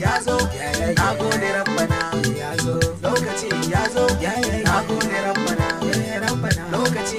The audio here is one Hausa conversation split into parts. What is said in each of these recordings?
ya zo na gode rabbana lokaci ya zo na gode rabbana lokaci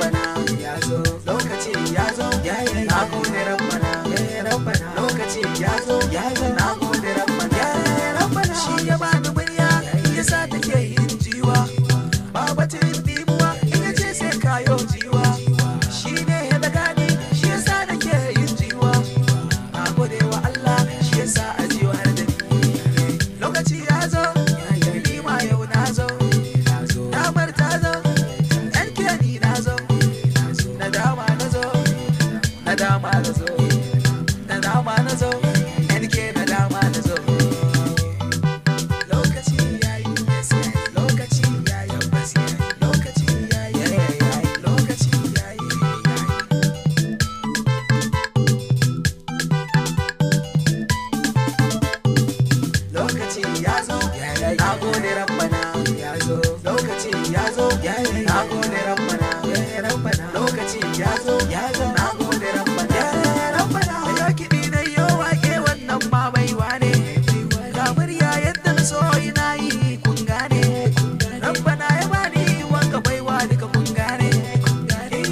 ce ya zo ya zo na gode rabban ya rabban shi ya ba ni murya ya sa take yin jiwa baba ta yin dimuwa in ya ce sai kayo jiwa shi ne ya daga ni shi ya sa da ke yin jiwa a gode wa Allah shi ya sa a jiwa har da ni lokaci ya zo ni ma yau na zo na ta zo yan ke na zo na na zo na na zo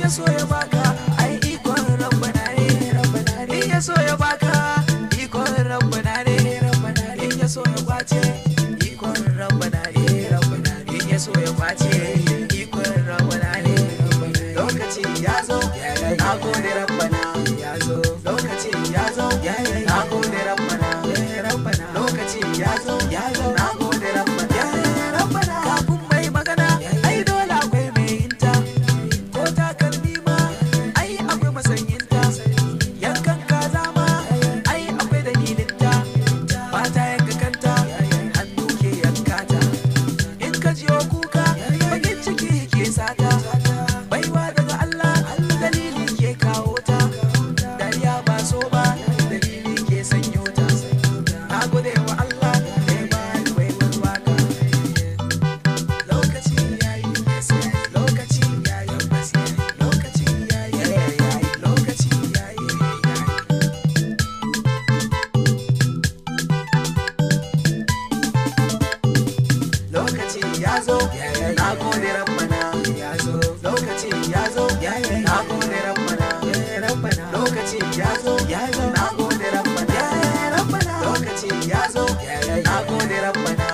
ya so ya baka ai ikon rabbana ne rabbana ne in ya so ya baka ikon rabbana ne rabbana ne in ya so ya kwace ikon rabbana ne rabbana ne in ya so ya kwace ikon rabbana ne lokaci ya zo na gode rabbana ya zo akondera kumai